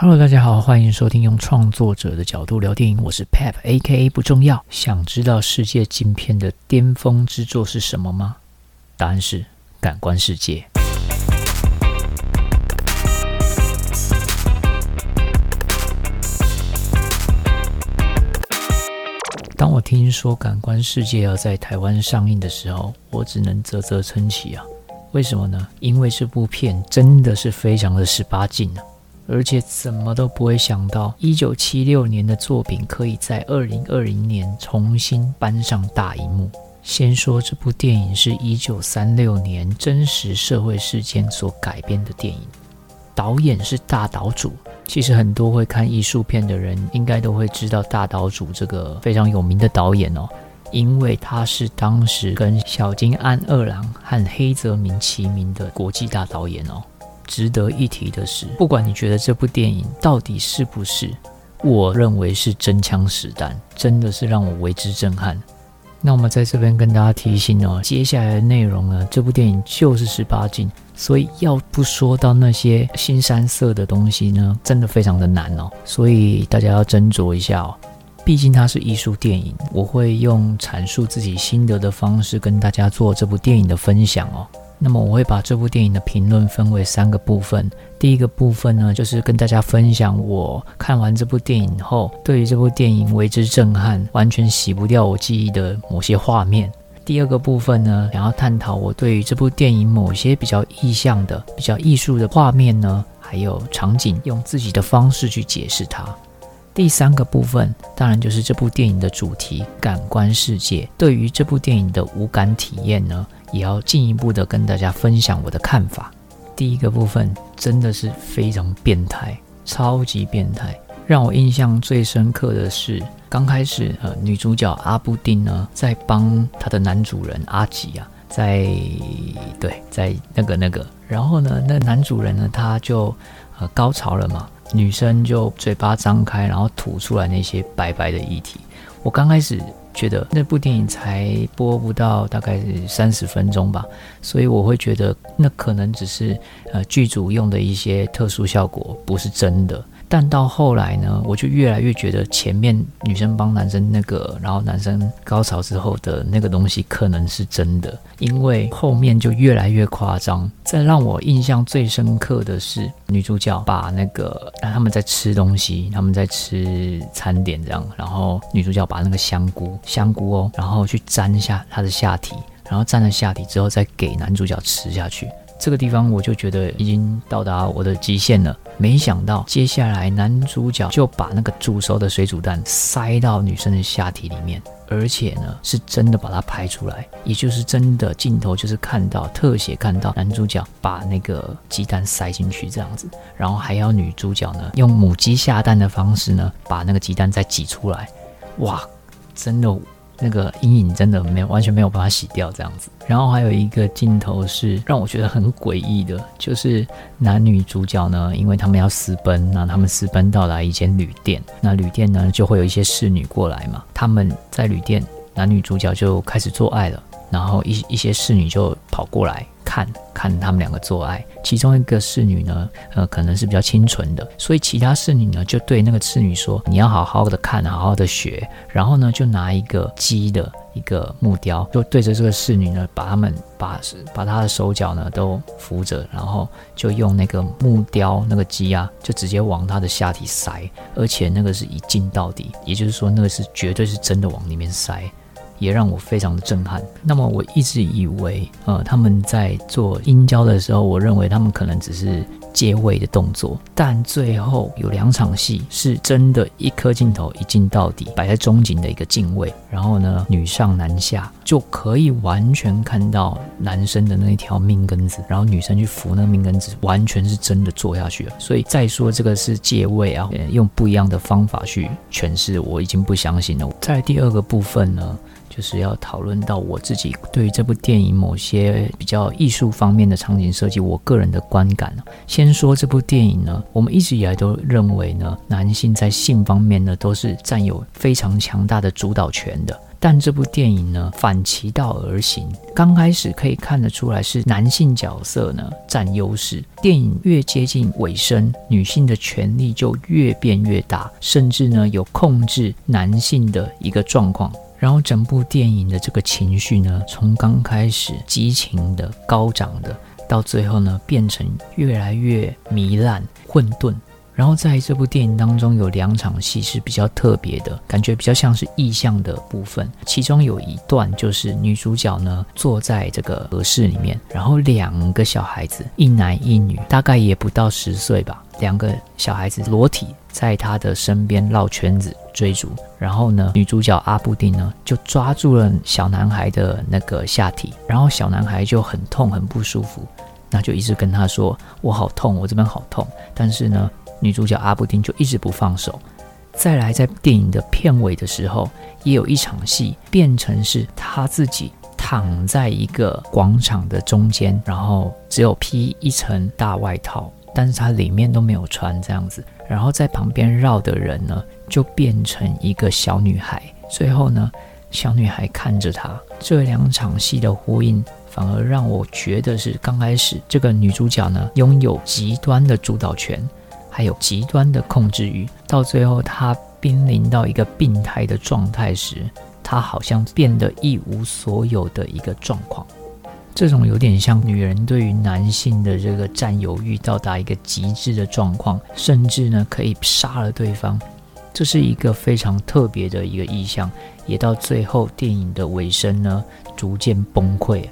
Hello，大家好，歡迎收聽用創作者的角度聊電影。我是 Pep，A.K.A 不重要。想知道世界禁片的巔峰之作是什麼嗎？答案是《感官世界》。當我聽說《感官世界》啊要在台灣上映的時候，我只能嘖嘖稱奇啊！為什麼呢？因為這部片真的是非常的十八禁呢、啊。而且怎麼都不會想到，一九七六年的作品可以在二零二零年重新搬上大熒幕。先說這部電影是一九三六年真實社會事件所改編的電影，導演是大島渚，其實很多會看藝術片的人應該都會知道大島渚這個非常有名的導演哦，因為他是當時跟小津安二郎和黑澤明齊名的國際大導演哦。值得一提的是，不管你覺得這部電影到底是不是，我認為是真槍實彈，真的是讓我為之震撼。那我們在這邊跟大家提醒哦，接下來的內容呢，這部電影就是十八禁，所以要不說到那些腥羶色的東西呢，真的非常的難哦，所以大家要斟酌一下哦，畢竟它是藝術電影，我會用闡述自己心得的方式跟大家做這部電影的分享哦。那麼我會把這部電影的評論分為三個部分。第一個部分呢，就是跟大家分享我看完這部電影後，對於這部電影為之震撼，完全洗不掉我記憶的某些畫面。第二個部分呢，想要探討我對於這部電影某些比較意象的，比較藝術的畫面呢，還有場景，用自己的方式去解釋它。第三個部分當然就是這部電影的主題——感官世界。對於這部電影的無感體驗呢，也要進一步的跟大家分享我的看法。第一個部分真的是非常變態，超級變態。讓我印象最深刻的是剛開始，呃，女主角阿布丁呢在幫她的男主人阿吉啊，在對，在那個那個，然後呢，那個男主人呢他就呃高潮了嘛。女生就嘴巴張開，然後吐出來那些白白的液體。我剛開始覺得那部電影才播不到大概三十分鐘吧，所以我會覺得那可能只是，呃，劇組用的一些特殊效果，不是真的。但到後來呢，我就越來越覺得前面女生幫男生那個，然後男生高潮之後的那個東西可能是真的，因為後面就越來越誇張。再讓我印象最深刻的是，女主角把那個，他們在吃東西，他們在吃餐點這樣，然後女主角把那個香菇，香菇哦，然後去沾一下她的下體，然後沾了下體之後再給男主角吃下去。這個地方我就覺得已經到達我的極限了。沒想到接下來男主角就把那個煮熟的水煮蛋塞到女生的下體裡面，而且呢是真的把它拍出來，也就是真的鏡頭就是看到特寫，看到男主角把那個雞蛋塞進去這樣子，然後還要女主角呢用母雞下蛋的方式呢把那個雞蛋再擠出來，哇，真的。那個陰影真的沒有，完全沒有辦法洗掉這樣子，然後還有一個鏡頭是讓我覺得很詭異的，就是男女主角呢，因為他們要私奔，那他們私奔到達一間旅店，那旅店呢就會有一些侍女過來嘛，他們在旅店，男女主角就開始做愛了，然後一一些侍女就跑過來，看看他們兩個做愛，其中一個侍女呢，呃，可能是比較清純的，所以其他侍女呢就對那個侍女說：“你要好好的看，好好的學。”然後呢，就拿一個雞的一個木雕，就對着這個侍女呢，把他們把把她的手腳呢都扶着，然後就用那個木雕那個雞啊，就直接往她的下體塞，而且那個是一鏡到底，也就是說那個是絕對是真的往裡面塞。也讓我非常的震撼。那麼我一直以為，呃，他們在做陰交的時候，我認為他們可能只是借位的動作。但最後有兩場戲是真的一顆鏡頭一鏡到底，擺在中景的一個鏡位，然後呢，女上男下就可以完全看到男生的那一條命根子，然後女生去扶那命根子，完全是真的做下去了。所以再說這個是借位啊，用不一樣的方法去詮釋，我已經不相信了。在第二個部分呢？就是要討論到我自己對這部電影某些比較藝術方面的場景設計，我個人的觀感呢。先說這部電影呢，我們一直以來都認為呢，男性在性方面呢都是佔有非常強大的主導權的。但這部電影呢，反其道而行。剛開始可以看得出來是男性角色呢佔優勢，電影越接近尾聲，女性的權力就越變越大，甚至呢有控制男性的一個狀況。然後整部電影的這個情緒呢，從剛開始激情的高漲的，到最後呢，變成越來越糜爛、混沌。然後在這部電影當中，有兩場戲是比較特別的，感覺比較像是意象的部分。其中有一段就是女主角呢坐在這個和室裡面，然後兩個小孩子，一男一女，大概也不到十歲吧，兩個小孩子裸體在他的身邊繞圈子追逐，然後呢，女主角阿布丁呢就抓住了小男孩的那個下體，然後小男孩就很痛很不舒服，那就一直跟他說：“我好痛，我這邊好痛。”但是呢。女主角阿布丁就一直不放手。再來，在電影的片尾的時候，也有一場戲變成是她自己躺在一個廣場的中間，然後只有披一層大外套，但是她裡面都沒有穿這樣子。然後在旁邊繞的人呢，就變成一個小女孩。最後呢，小女孩看着她，這兩場戲的呼應，反而讓我覺得是剛開始這個女主角呢，擁有極端的主導權。還有極端的控制慾，到最後他瀕臨到一個病態的狀態時，他好像變得一無所有的一個狀況。這種有點像女人對於男性的這個佔有慾到達一個極致的狀況，甚至呢可以殺了對方。這是一個非常特別的一個意象，也到最後電影的尾聲呢逐漸崩潰。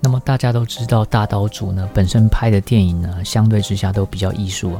那麼大家都知道，大島渚呢本身拍的電影呢相對之下都比較藝術。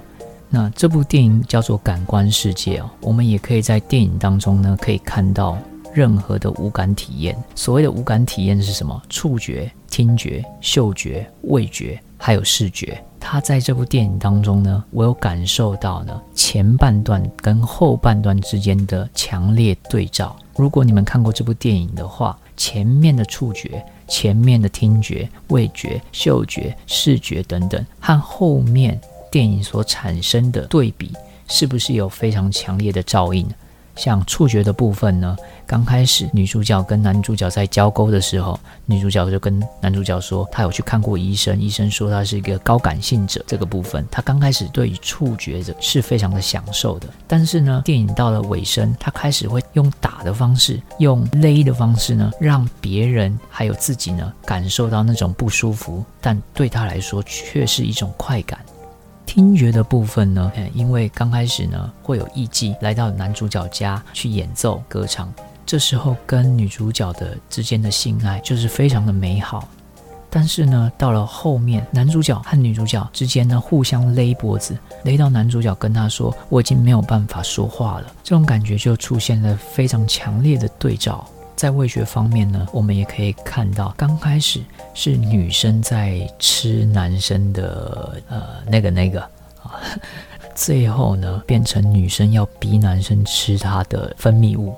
那這部電影叫做《感官世界》哦，我們也可以在電影當中呢，可以看到任何的五感體驗。所謂的五感體驗是什麼？觸覺、聽覺、嗅覺、味覺，還有視覺。它在這部電影當中呢，我有感受到呢前半段跟後半段之間的強烈對照。如果你們看過這部電影的話，前面的觸覺、前面的聽覺、味覺、嗅覺、視覺等等，和後面。電影所產生的對比是不是有非常強烈的照應？像觸覺的部分呢，剛開始女主角跟男主角在交媾的時候，女主角就跟男主角說，她有去看過醫生，醫生說她是一個高感性者。這個部分，她剛開始對於觸覺的是非常的享受的。但是呢，電影到了尾聲，她開始會用打的方式，用勒的方式呢，讓別人還有自己呢感受到那種不舒服，但對她來說卻是一種快感。聽覺的部分呢，呃，因為剛開始呢，會有藝伎來到男主角家去演奏、歌唱，這時候跟女主角的之間的性愛就是非常的美好。但是呢，到了後面，男主角和女主角之間呢，互相勒脖子，勒到男主角跟他說：“我已經沒有辦法說話了。”這種感覺就出現了非常強烈的對照。在味覺方面呢，我們也可以看到，剛開始是女生在吃男生的呃那個那個啊，最後呢變成女生要逼男生吃她的分泌物。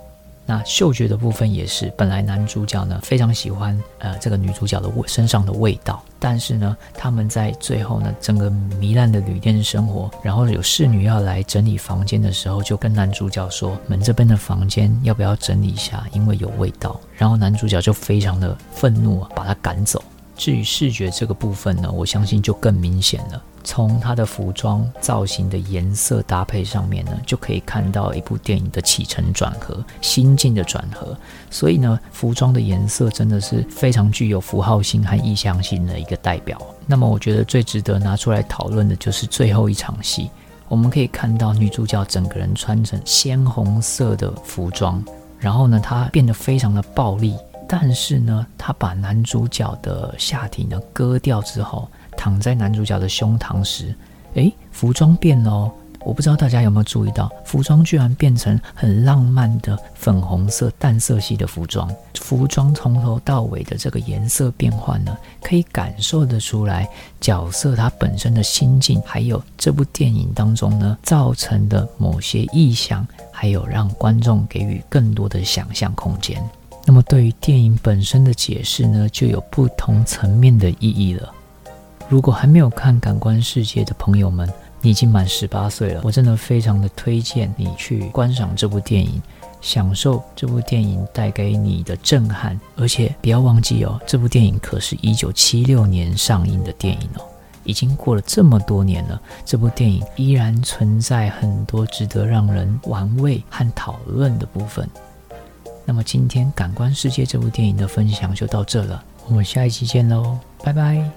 那嗅覺的部分也是，本來男主角呢非常喜歡呃這個女主角的身上的味道，但是呢，他們在最後呢整個糜爛的旅店生活，然後有侍女要來整理房間的時候，就跟男主角說：“門這邊的房間要不要整理一下？因為有味道。”然後男主角就非常的憤怒啊，把她趕走。至於視覺這個部分呢，我相信就更明顯了。從他的服裝造型的顏色搭配上面呢，就可以看到一部電影的起承轉合、心境的轉合。所以呢，服裝的顏色真的是非常具有符號性和意象性的一個代表。那麼，我覺得最值得拿出來討論的就是最後一場戲。我們可以看到女主角整個人穿成鮮紅色的服裝，然後呢，她變得非常的暴力。但是呢，她把男主角的下體呢割掉之後。躺在男主角的胸膛時，誒，服裝變了哦！我不知道大家有沒有注意到，服裝居然變成很浪漫的粉紅色、淡色系的服裝。服裝從頭到尾的這個顏色變換呢，可以感受得出來角色它本身的心境，還有這部電影當中呢造成的某些意象，還有讓觀眾給予更多的想象空間。那麼，對於電影本身的解釋呢，就有不同層面的意義了。如果還沒有看《感官世界》的朋友們，你已經滿十八歲了，我真的非常的推薦你去觀賞這部電影，享受這部電影帶給你的震撼。而且不要忘記哦，這部電影可是一九七六年上映的電影哦，已經過了這麼多年了，這部電影依然存在很多值得讓人玩味和討論的部分。那麼今天《感官世界》這部電影的分享就到這了，我們下一期見嘍，拜拜。